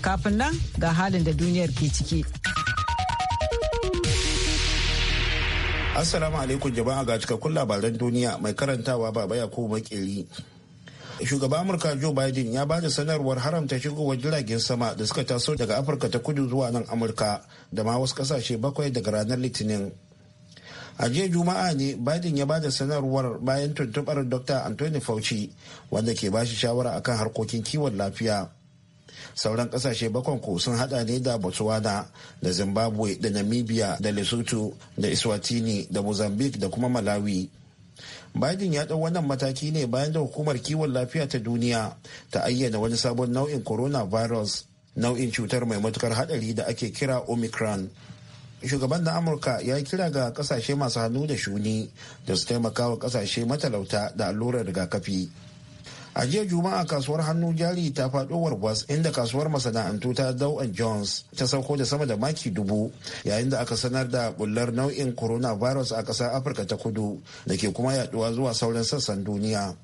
Kafin nan ga halin da duniyar ke ciki. Assalamu alaikum jama'a ga cikakkun labaran duniya mai karantawa baba Yakubu Makeri. shugaban amurka joe biden ya da sanarwar haramta shigowar jiragen sama da suka taso daga afirka ta kudu zuwa nan amurka da ma wasu kasashe bakwai daga ranar litinin a jiya juma'a ne biden ya bada sanarwar bayan tuntubar dr anthony fauci wanda ke bashi shawara akan harkokin kiwon lafiya sauran kasashe bakon ku sun hada ne da botswana da zimbabwe da namibia da lesotho da iswatini da mozambique da kuma malawi biden ya ɗau wannan mataki ne bayan da hukumar kiwon lafiya ta duniya ta ayyana wani sabon nau'in coronavirus nau'in cutar mai matukar hadari da ake kira omicron shugaban na amurka ya yi kira ga kasashe masu hannu da shuni da su taimaka wa kasashe matalauta da allurar rigakafi a jiya juma'a kasuwar hannu jari ta faɗo warwas inda kasuwar masana'antu ta dow and jones ta sauko da sama da maki dubu yayin da aka sanar da bullar nau'in coronavirus a ƙasar afirka ta kudu da ke kuma yaɗuwa zuwa sauran sassan duniya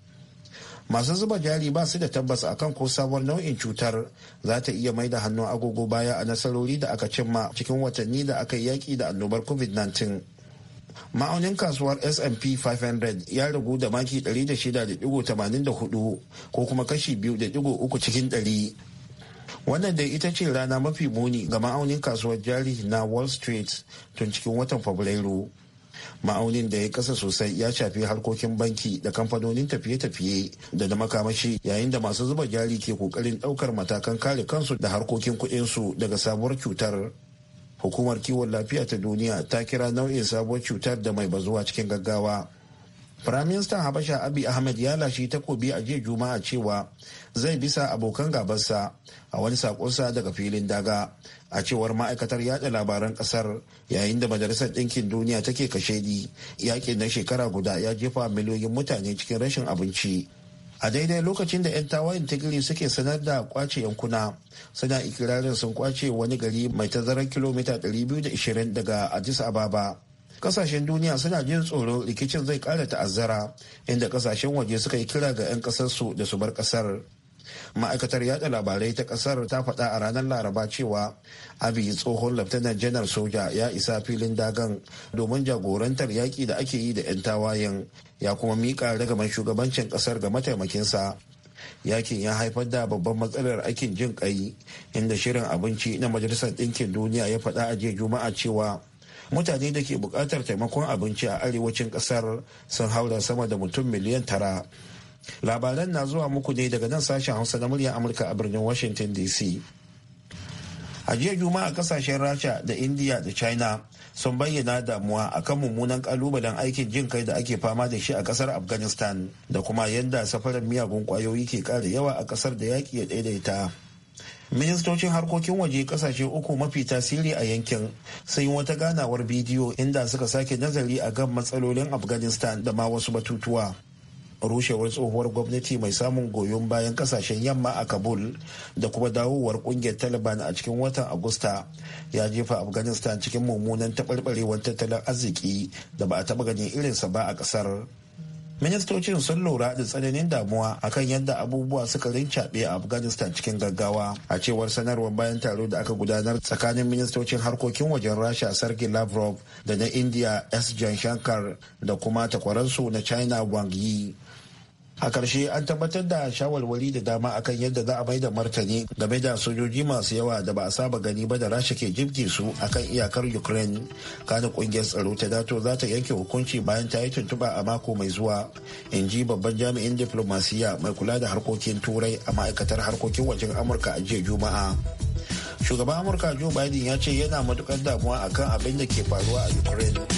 masu zuba jari ba su da tabbas akan ko sabon nau'in cutar za ta iya mai da hannun agogo baya a nasarori da aka cimma cikin watanni da aka yi yaƙi da annobar covid-19 ma'aunin kasuwar S&P 500 ya ragu da maki 106.84 ko kuma kashi 2.3 cikin 100. Wannan dai ita ce rana mafi muni ga ma'aunin kasuwar jari na Wall Street tun cikin watan Fabrairu. Ma'aunin da ya kasa sosai ya shafi harkokin banki da kamfanonin tafiye-tafiye da da makamashi yayin da masu zuba jari ke kokarin daukar matakan kare kansu da harkokin kuɗinsu daga sabuwar cutar. hukumar kiwon lafiya ta duniya ta kira nau'in sabuwar cutar da mai bazuwa cikin gaggawa firaministan habasha abi ahmed ya lashe takobi a jiya juma'a cewa zai bisa abokan gabansa a wani sakonsa daga filin daga a cewar ma'aikatar yada labaran kasar yayin da majalisar ɗinkin duniya take kashedi yakin na shekara guda ya jefa miliyoyin mutane cikin rashin abinci a daidai lokacin da 'yan tawayen tigiri suke sanar da kwace yankuna suna ikirarin sun kwace wani gari mai tazarar kilomita 220 daga addis ababa kasashen duniya suna jin tsoro rikicin zai kara ta'azzara inda kasashen waje suka yi kira ga 'yan kasarsu da su bar kasar ma'aikatar yada labarai ta kasar ta faɗa a ranar laraba cewa abi tsohon laftanar janar soja ya isa filin dagan domin jagorantar yaƙi da ake yi da 'yan tawayen ya kuma miƙa ragaman shugabancin kasar ga mataimakinsa yakin ya haifar da babban matsalar aikin jin kai inda shirin abinci na majalisar ɗinkin duniya ya faɗa a jiya juma'a cewa mutane da ke buƙatar taimakon abinci a arewacin ƙasar sun haura sama da mutum miliyan tara labaran na zuwa muku ne daga nan sashen hausa na muryar amurka a birnin washington dc a jiya juma'a kasashen rasha da india da china sun bayyana damuwa akan mummunan kalubalen aikin jin kai da ake fama da shi a kasar afghanistan da kuma yadda safarar miyagun kwayoyi ke kara yawa a kasar da yaki ya daidaita ministocin harkokin waje kasashe uku mafi tasiri a yankin sun yi wata ganawar bidiyo inda suka sake nazari a kan matsalolin afghanistan da ma wasu batutuwa rushewar tsohuwar gwamnati mai samun goyon bayan kasashen yamma a kabul da kuma dawowar kungiyar taliban a cikin watan agusta ya jefa afghanistan cikin mummunan taɓarɓarewar tattalin arziki da ba a taɓa ganin irinsa ba a ƙasar ministocin sun lura da tsananin damuwa akan yadda abubuwa suka rincaɓe a afghanistan cikin gaggawa a cewar sanarwar bayan taro da aka gudanar tsakanin ministocin harkokin wajen rasha sarki lavrov da na india s shankar da kuma takwaransu na china wang yi a ƙarshe an tabbatar da shawarwari da dama akan yadda za a mai da martani game da sojoji masu yawa da ba a saba gani ba da rasha ke jibge su akan iyakar ukraine kana ƙungiyar tsaro ta dato za ta yanke hukunci bayan ta yi tuntuɓa a mako mai zuwa in ji babban jami'in diplomasiya mai kula da harkokin turai a ma'aikatar harkokin wajen amurka a jiya juma'a shugaban amurka joe biden ya ce yana matukar damuwa akan abin da ke faruwa a ukraine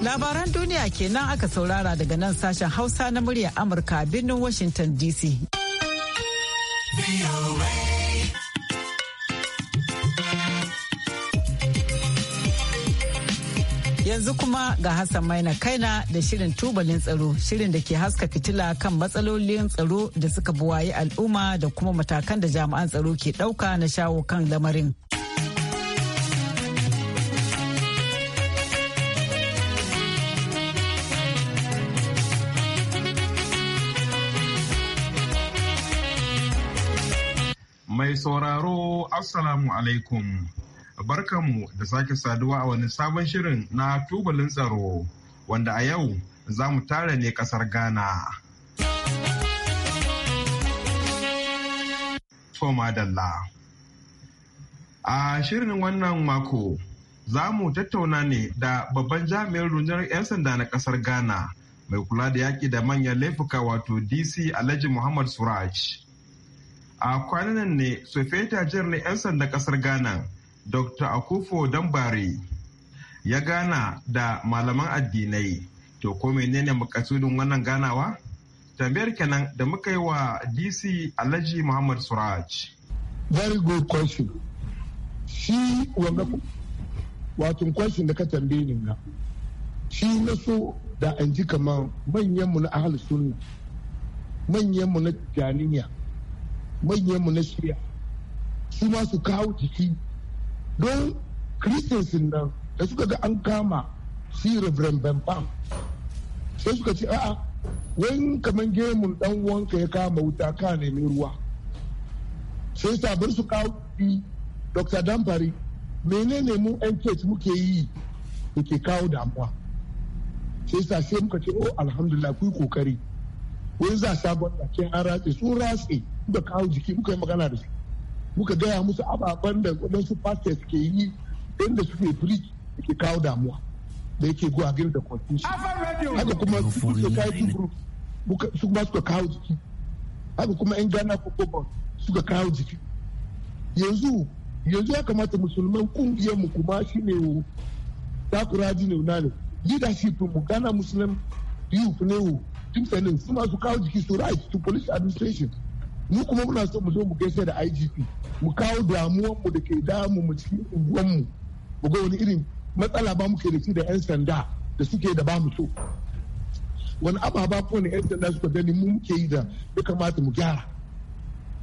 Labaran duniya kenan aka saurara daga nan sashen Hausa na muryar Amurka birnin Washington DC. Yanzu kuma ga Hassan Maina Kaina da shirin tubalin tsaro, shirin da ke haska fitila kan matsalolin tsaro da suka buwayi al'umma da kuma matakan da jami'an tsaro ke ɗauka na shawo kan lamarin. Mai sauraro Assalamu alaikum. Barkamu da sake saduwa a wani sabon shirin na tubalin tsaro wanda a yau za mu tara ne kasar Ghana. A shirin wannan mako za mu tattauna ne da babban jami'ar rundunar 'yan sanda na kasar Ghana mai kula da yaƙi da manyan laifuka wato DC Alhaji Muhammad Suraj. a kwanan ne sofeta jiyar na 'yan sanda kasar ghana dr akufo dambari ya gana da malaman addinai to ko menene makasudin wannan ganawa tambayar kenan da muka yi wa dc alhaji muhammad suraj very good question shi wannan wato question da ka tambaye ni na shi na so da an ji kamar manyanmu na ahal sunna manyanmu na janiya manyanmu na shirya su ma su kawo jiki don christians nan da suka ga an kama si reverend pam sai suka ce a'a wani kamar gemun dan wanka ya kama wuta ka nemi ruwa sai sa bar su kawo jiki dr damfari menene mu yan muke yi da ke kawo damuwa sai sa sai muka ce o oh, alhamdulillah ku kokari wani za sabon da ke an ratse sun ratse da kawo jiki muka yi magana da su muka gaya musu ababen da waɗansu pastors ke yi inda suke preach da ke kawo damuwa da yake go a the constitution haka kuma society group su kuma suka kawo jiki haka kuma gana ghana football suka kawo jiki yanzu yanzu ya kamata musulman kungiyar mu kuma shi shine ji ne na ne leadership mu ghana muslim youth ne wo tun sanin su masu kawo jiki su right to police administration mu kuma muna so mu zo mu gaisa da IGP mu kawo damuwar mu da ke damu mu cikin unguwan mu mu ga wani irin matsala ba muke da shi da yan sanda da suke da ba mu so wani ababa ko ne yan sanda suka gani mu muke yi da ya kamata mu gyara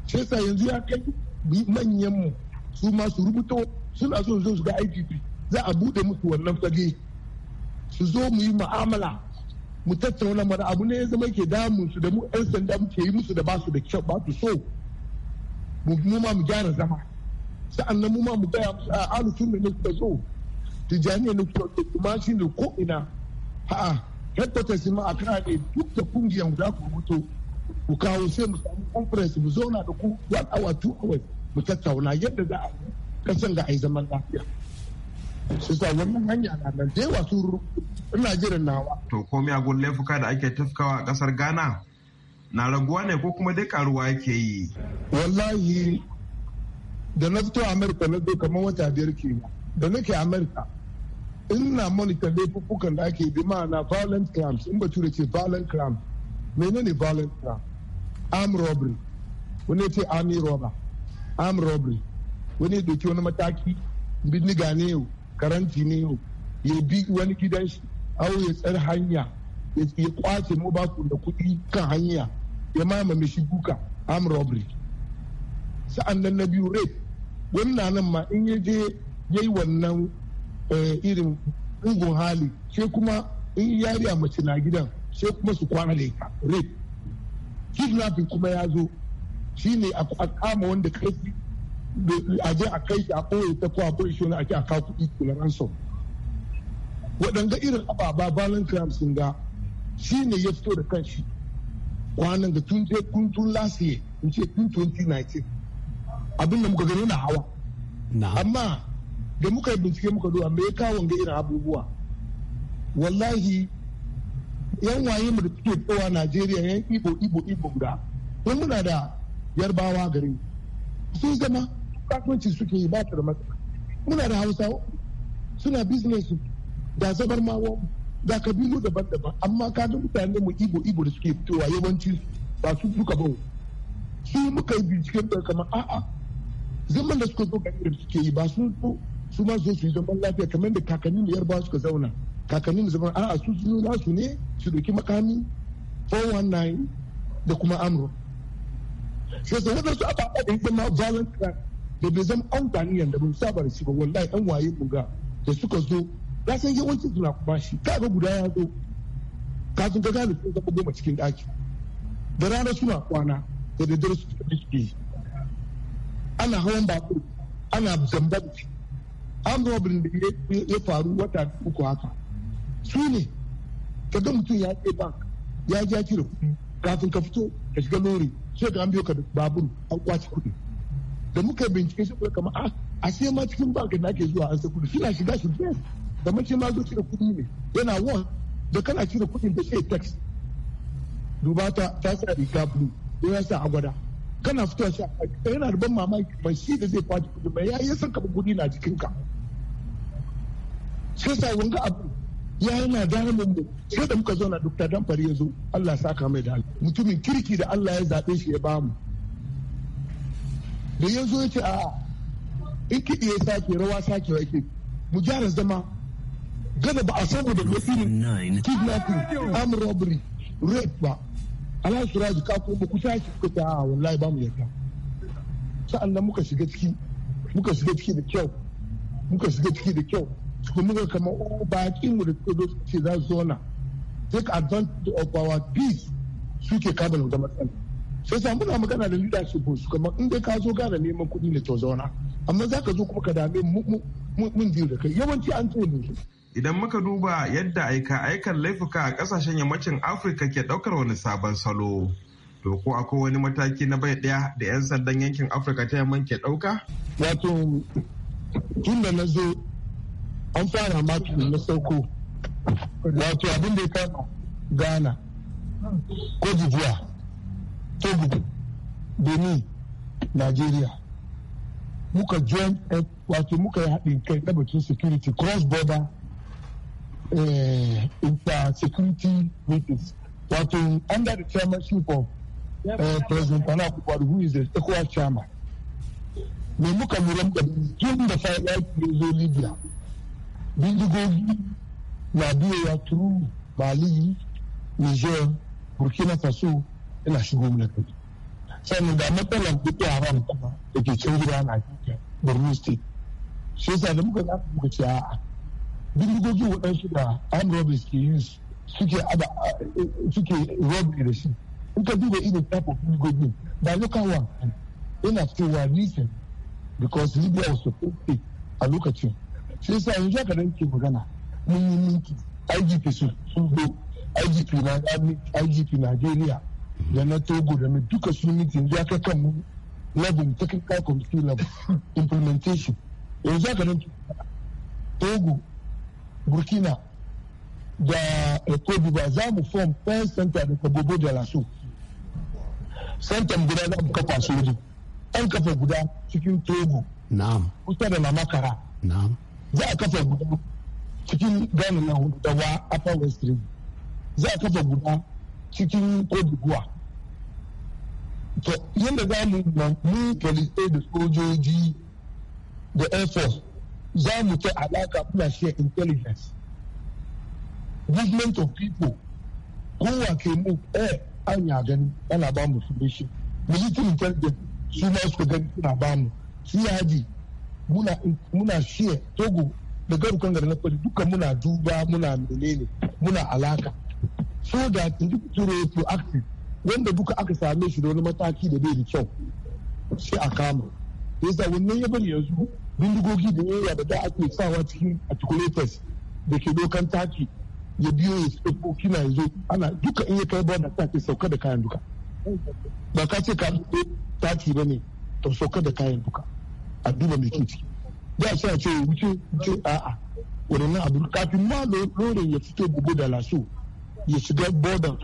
sai sa yanzu ya kai manyan mu su ma su rubuto suna so zo su ga IGP za a bude musu wannan fage su zo mu yi mu'amala mu tattauna mana abu ne ya zama ke damun su da mu yan sanda muke yi musu da ba su da kyau ba su so mu ma mu gyara zama sa'annan mu ma mu gaya musu a alu sunna ne kuka so tijaniya ne kuka so kuma shi ne ko ina ha'a headquarters ma a kan ne duk da kungiyan guda ku mutu ku kawo sai mu samu conference mu zauna da ku one hour two hours mu tattauna yadda za a kasan da a yi zaman lafiya. su sa wannan hanya na nan da yawa sun ina jiran nawa. To ko miyagun laifuka da ake tafkawa a kasar Ghana na raguwa ne ko kuma dai karuwa yake yi. Wallahi da na fito Amurka na zo kamar wata biyar ke da nake Amurka ina monitor laifukan da ake bi ma'ana violent crimes in ture ce violent crimes menene violent crime arm robbery wani ce army robber arm robbery wani ya doki wani mataki bindiga ne yau karanti ne ya bi wani gidan shi awo ya tsar hanya ya kwace mu ba da kuɗi kan hanya ya mamame shi guka arm robbery sa'an nan na biyu rape wannan nan ma in ya je ya yi wannan eh, irin ungun hali sai kuma in yari a mace na gidan sai kuma su kwana da ita rape kidnapping kuma ya zo shi ne a kama wanda kai a je a kai a ɓoye ta ko a ɓoye shi ake a kawo kuɗi na ransom waɗanga irin ababa balan crime ga shi ne ya fito da kanshi kwanan da tun je kuntun last year in ce tun 2019 abin da muka gani na hawa amma da muka yi bincike muka duba me ya kawo ga irin abubuwa wallahi yan waye mu da suke tsowa Najeriya yan ibo ibo ibo ga mun muna da yarbawa gari. sun zama kasuwanci suke yi ba ta da matsala muna da hausa suna business da zabar mawa da kabilu daban-daban amma kaga mutane mu ibo ibo da suke fitowa yawanci ba su suka ba su muka yi binciken da kama a'a zaman da suka zo ga irin suke yi ba su su ma zo su yi zaman lafiya kamar da kakannin da yarbawa suka zauna kakannin zaman a'a su su nasu ne su doki makami 419 da kuma amro sai su wadansu ababen da ma violent crime da bai zama amfani yadda mun saba da shi ba wallahi an waye mu ga da suka zo ya san yawancin suna kuma shi ka ga guda ya zo ka sun ga gane sun zama goma cikin daki da rana suna kwana da daddare su tafi suke ana hawan baku ana zamba da shi an zama birnin da ya faru wata uku haka su ne ka ga mutum ya je bank ya je ya cire kafin ka fito ka shiga lori sai ka an biyo ka da babur an kwace kuɗi da muka bincike shi kuma kama a ah, sai ma cikin bankin da ake zuwa an sai kudi suna shiga shi yes da mace ma zo cire kudi ne yana won da kana cire kudin da sai tax duba ta ta sa riga blue da ya sa agwada kana fitowa shi a eh, yana da ban mamaki ban shi da zai kwaci kudi mai ya yi san kaba kudi na jikinka sai sa wanga abu ya yana damun mu sai da muka zauna duk ta dan fari ya zo Allah ya saka mai da mutumin kirki da Allah ya zabe shi ya bamu da ya zo ya ce a in kiɗi ya sake rawa sake wa ke mu gyara zama gada ba a samu da irin kidnapping arm robbery rape ba ala suraji ka kuma ku sake ku ta a wallahi ba mu yarda sa'an nan muka shiga ciki muka shiga ciki da kyau muka shiga ciki da kyau kuma muka kama oh, bakin mu da suka ce za su take advantage of our peace suke kama da matsala sai sa muna magana da leadership su kamar in dai ka zo gana neman kuɗi ne to zauna amma za ka zo kuma ka dame mun biyu da kai yawanci an ce ne idan muka duba yadda aika aikan laifuka a kasashen yammacin afirka ke daukar wani sabon salo to ko akwai wani mataki na bai daya da 'yan sandan yankin afirka ta yamman ke dauka wato tun da na zo an fara maki na sauko wato abin da ya kama ghana ko jijiya Togo, Benin, Nigeria. Muka join eh, wato muka yi haɗin kai na batun security cross border eh, inter security meetings. Wato under the chairmanship of eh, President Nana who is the ECOWAS chairman. Me muka lura muka tun da fara yaƙi zo Libya. Bindigogi na biyowa turu Bali, Niger, Burkina Faso, ina shigo mana kai sannan ga matsalar duk yaran kama da ke can gida na borno state shi yasa da muka zaka muka ce a'a bindigogi waɗansu da arm robbers ke yin suke ada suke robbery da shi in ka duba irin type of bindigogi ba local one yana cewa recent because libya was supposed a lokacin shi yasa yanzu haka da ke magana mun yi minti igp sun zo igp na igp nigeria da na togo da mai duka su mitin ya kai kan mu labin technical committee level implementation yanzu haka nan togo burkina da ekobi ba za mu form pen center da kabobo da laso center guda za mu kafa su wajen an kafa guda cikin togo na'am kusa da lamakara na'am za a kafa guda cikin ghana na hudu da wa upper west za a kafa guda cikin Cote To yadda za mu mu police da sojoji da Air Force za mu ta alaka muna share intelligence. Movement of people kowa ke mu air eh, an ya gani ana ba mu information. Military intelligence su ma suka gani suna ba mu. CID muna muna share Togo da garukan gari na kwali duka muna duba muna menene muna alaka. so da duk to active wanda duka aka same shi da wani mataki da bai da kyau sai a kama yasa wani ya bari yanzu bindigogi da yawa da da ake sawa cikin articulators da ke dokan taki ya biyo ya tsoko kina yanzu ana duka in ya kai ba ta ke sauka da kayan duka ba ka ce ka taki ba ne to sauka da kayan duka a duba mai ciki da sai a ce wuce wuce a'a wadannan abu kafin ma lore ya fito gobe da laso ya shiga border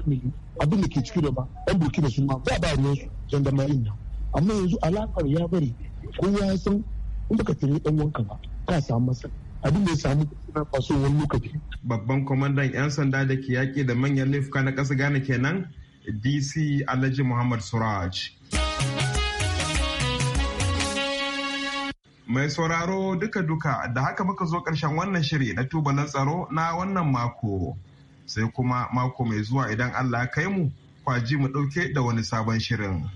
abin da ke ciki da ba yan burkina su ma ba ba ruwan su gendarmerie na amma yanzu alakar ya bari ko ya san in baka tare dan wanka ba ka samu matsala abin da ya samu na faso wani lokaci. Babban kwamandan 'yan sanda da ke yaƙi da manyan laifuka na ƙasa Ghana kenan DC Alhaji Muhammad Suraj. Mai sauraro duka-duka da haka muka zo ƙarshen wannan shiri na tubalan tsaro na wannan mako. sai kuma mako mai zuwa idan Allah ya kai mu kwaji mu ɗauke da wani sabon shirin.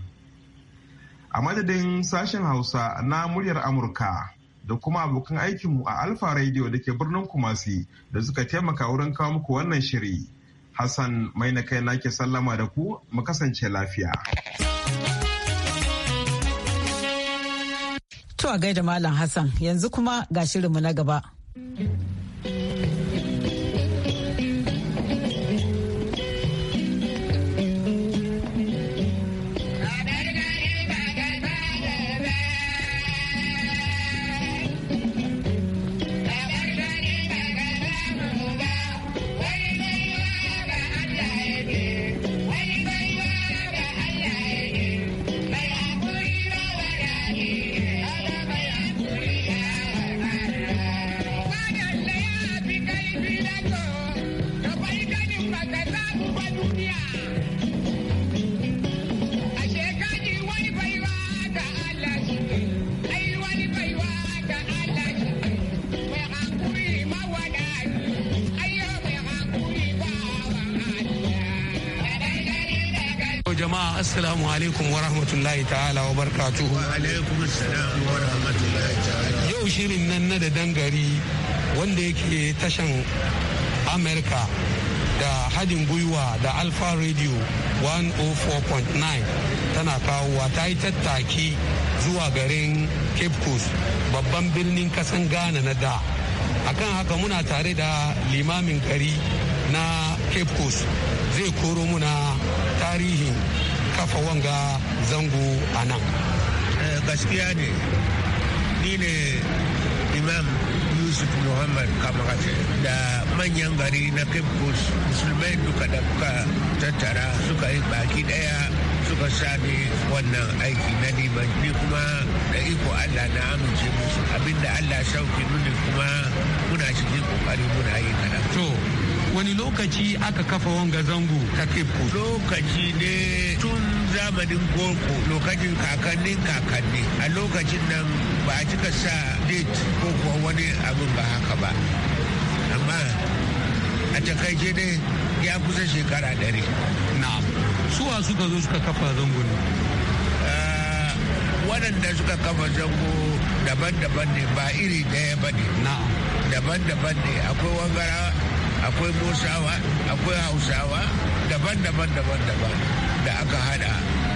A madadin sashen Hausa na muryar Amurka da kuma abokan aikinmu a Alfa Radio da ke birnin Kumasi da suka taimaka wurin kawo muku wannan shiri. Hassan mai na kai nake sallama da ku mu kasance lafiya. To a gaida Malam Hassan yanzu kuma ga shirinmu na gaba. rahmatullahi ta'ala wa Yau shirin nan na da dangari wanda yake tashan Amerika da hadin gwiwa da Alpha Radio 104.9 tana kawowa ta yi tattaki zuwa garin Cape Coast babban birnin kasan Ghana na da. Akan haka muna tare da limamin gari na Cape Coast zai koro muna tarihin kafa wanga zango a nan eh, gaskiya ne ni ne imam yusuf muhammad kamarace da manyan gari na cape coast musulmai duka da kuka tattara suka yi baki daya suka sami wannan aiki na liman ni kuma da iko allah na amince musu abinda allah shauki nuni kuma muna cikin kokari muna yi kadan to wani lokaci aka kafa wanga zango ta cape coast lokaci ne tun zamanin goko lokacin kakannin kakanni a lokacin nan ba a cika sa date ko kuwa wani abin ba haka ba amma a takaice dai ya kusa shekara ɗari na suwa suka zo suka kafa zango ne ah, waɗanda suka kafa zango daban-daban ne ba iri ɗaya ba ne na daban-daban ne akwai wangara akwai musawa akwai hausawa daban-daban daban-daban da aka hada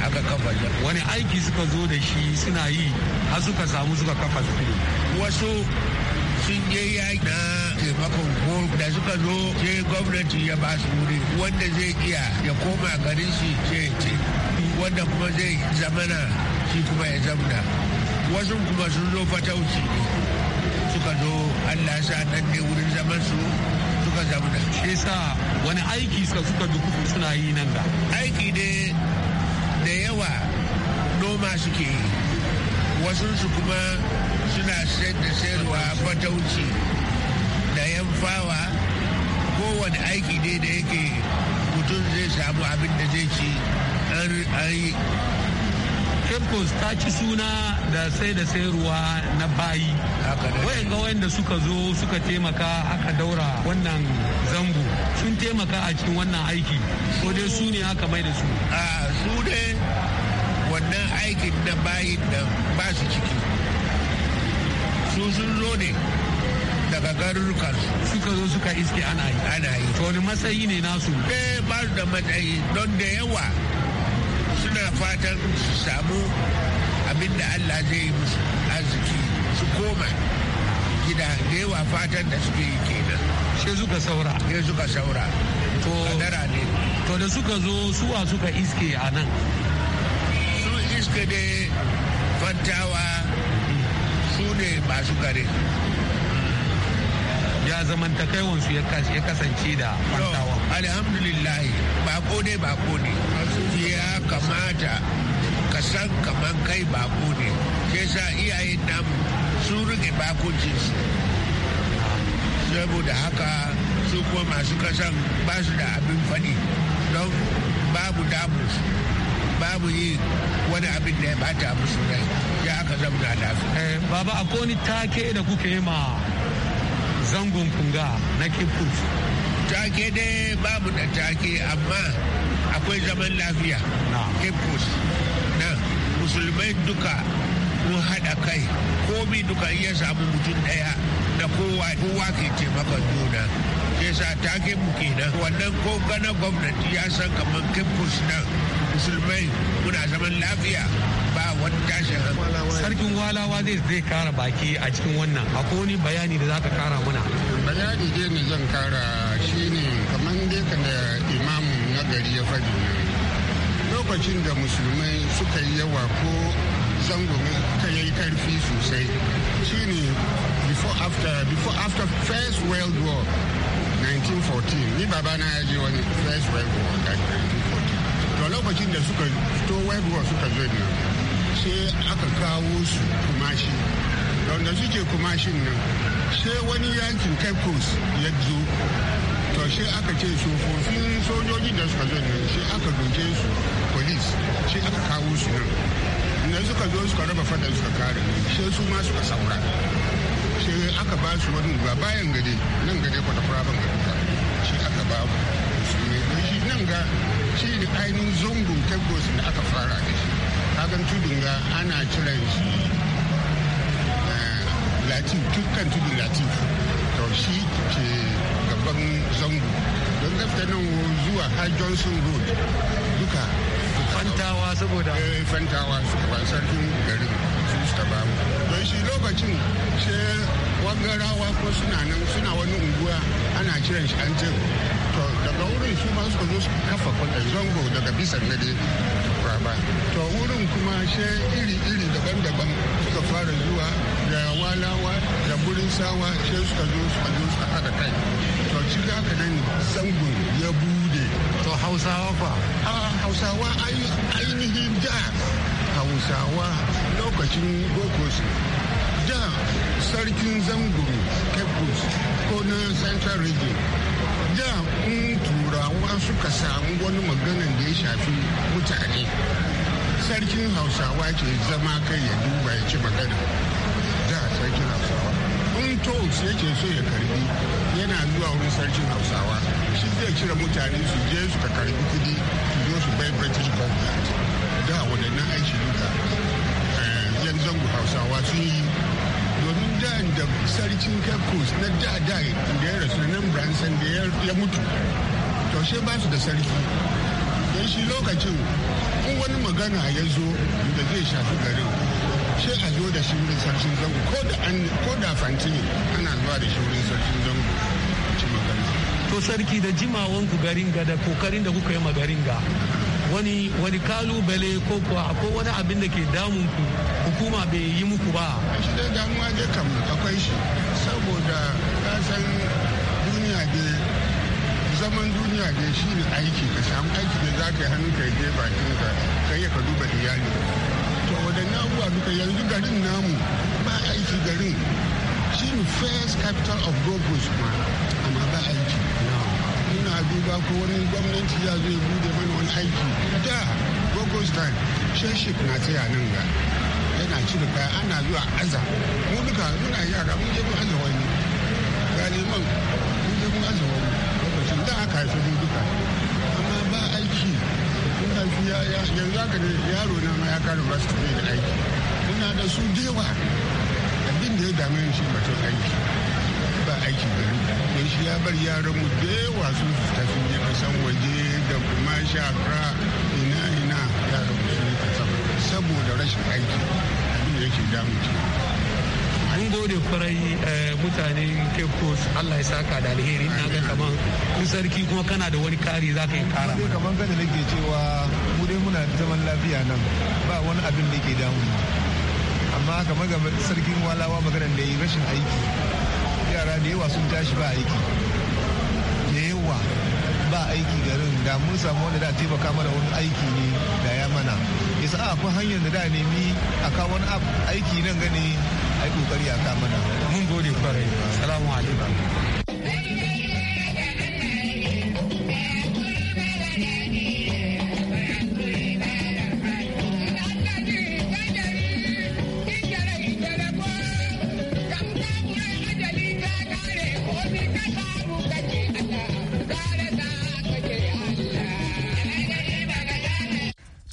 aka kafa wani aiki suka zo da shi suna yi har suka samu suka kafa su wasu sun je yaƙi na taimakon ko da suka zo sai gwamnati ya ba su wuri wanda zai iya ya koma garin shi ce ce wanda kuma zai zamana shi kuma ya zamna wasu kuma sun zo fatauci ne suka zo allah sa nan ne wurin zaman su suka damu da shi sa wani aiki suka suka suna yi nan ga aiki ne da yawa noma suke yi wasunsu kuma suna sayar da sayarwa fatauci da yan fawa kowane aiki ne da yake mutum zai samu abin da zai ci an yi tempos ta ci suna da sai da sayarwa na bayi wayanga da suka zo suka taimaka aka daura wannan zango sun taimaka a cikin wannan aiki ko dai su ne aka mai da su su dai wannan aikin na bayin da ba su ciki su sun zo ne daga garurukan suka zo suka iske ana yi ana yi to wani matsayi ne nasu eh ba da matsayi don da yawa fatan su samu abin da Allah zai yi musu arziki su koma gida da yawa fatan da suke yi kenan. Sai suka saura. Sai suka saura. To ne. To da suka zo suwa suka iske a nan. Su iske ne fantawa su ne masu gare. Ya zamantakaiwansu ya kasance da fantawa. alhamdulillah bako ne bako ne ya kamata ka san kaman kai bako ne ke sa iyayen namu su rike su saboda haka su kuma masu kasan ba su da abin fadi don babu damus babu yi wani abin da ya bata musu rai ya aka zamana lafiya. Eh, baba akwai wani take da kuke yi ma zangon kunga na kiput take dai babu da take amma akwai zaman lafiya cape coast na musulmai duka kun haɗa kai komi duka iya samu mutum daya da kowa kowa ke taimakon juna sa take mu kenan wannan ko gana gwamnati ya san kamar cape na na musulmai muna zaman lafiya ba wani tashin sarkin walawa zai zai kara baki a cikin wannan akwai wani bayani da za ka kara mana bayani dai ne zan kara kan da imamu na gari ya faɗi lokacin da musulmai suka yi yawa ko zango ka yi karfi sosai shine before after before after first world war 1914 ni baba ya je wani first world war 1914 to lokacin da suka to world war suka zo ne sai aka kawo su kumashi da suke kumashin nan sai wani yankin cape coast ya zo shi aka ce fofin sojojin da suka zai shi aka doke su polis shi aka kawo su nan idan suka zo suka raba fadan suka kare shi su ma suka saura shi aka ba su wani ba bayan gade nan gade kwata ban gari ba shi aka ba su ne shi nan ga shi ne ainihin zongon tabbos da aka fara da shi hagan tudun ga ana kiran shi eh, latif tukkan tudun latif to shi ke ikon zango don tsafta nan zuwa har johnson road duka fantawa saboda eh fantawa suka ba sarkin garin su ta ba mu don shi lokacin she wangarawa ko suna nan suna wani unguwa ana kiran shi an to daga wurin su ma suka zo su kafa kwanan zango daga bisan gade ba to wurin kuma she iri-iri daban-daban suka fara zuwa da walawa da burin sawa she suka zo suka zo suka haɗa kai Shiga ka nan ya bude to hausawa fa a hausawa ainihin da hausawa lokacin bokos da sarkin zangon kekos, ko na central region da in turawa suka samu wani maganan da ya shafi mutane sarkin hausawa ke zama kai ya duba ya ci magana da sarkin hausawa tolls yake so ya karbi yana zuwa wurin sarkin hausawa shi zai cire mutane su je su ka karbi kudi su zo su bai british government da waɗannan aiki duka eh, yan zango hausawa sun yi domin da da sarkin kakos na da da da ya rasu nan branson da ya mutu to taushe ba su da sarki don shi lokacin ko wani magana ya zo da zai shafi garin da shi wurin sarkin zango ko da fanti ne ana zuwa da shi wurin sarkin zango cikin magana to sarki da jimawan ku garinga da kokarin da kuka yi ma ga wani wani kalubale ko kuwa akwai wani abin da ke damun ku hukuma bai yi muku ba shi da damuwa dai kam akwai shi saboda kasan duniya dai zaman duniya ne shi ne aiki ka samu aiki da za ka yi hannu ka yi bakin ka ka yi ka duba iyali waɗannan abubuwa duka yanzu garin namu ba aiki garin shi ne first capital of gogos ma amma ba aiki ina duba ko wani gwamnati ya zo ya bude mana wani aiki da gogos time shi na tsaya nan ga yana cire kaya ana zuwa aza mu duka muna yara mun je mun aza wani galiman mun je mun aza wani lokacin da aka haifi duka yanzu haka da yaro na ya kare ba su da aiki da su dewa abin da ya shi batun aiki ba aiki gari don shi ya bar yaran mu dewa sun fita sun waje da kuma shakra ina ina yaran mu sun saboda rashin aiki abin da yake damu an gode kwarai eh, mutanen cape coast allah ya saka da alheri na ga kaman sarki kuma kana da wani kari za ka yi kara kamar kada nake cewa dai muna zaman lafiya nan ba wani abin da ke damu amma kamar ga sarkin walawa maganar da yi rashin aiki yara da yawa sun tashi ba aiki da yawa ba aiki garin da mun samu wanda da taimaka mana wani aiki ne da ya mana a akwai hanyar da da nemi a kawon aiki nan gani a yi kokari a kamana mun gode kwarai salamu alaikum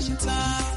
special time.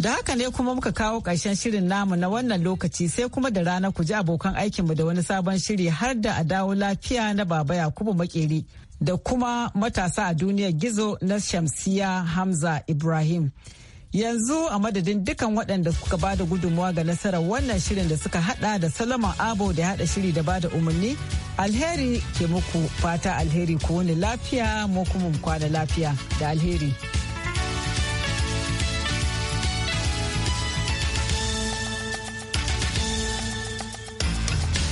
Da haka ne kuma muka kawo ƙarshen shirin namu na wannan lokaci sai kuma da rana ku ji abokan aikinmu da wani sabon shiri har da a dawo lafiya na Baba Yakubu Makeri. Da kuma matasa a duniyar gizo na Shamsiya Hamza Ibrahim. yanzu a madadin dukan waɗanda suka ba da gudunmawa ga nasarar wannan shirin da suka haɗa da salama abo da haɗa shiri da ba da umarni alheri ke muku fata alheri ku wani lafiya mu kuma kwana lafiya da alheri.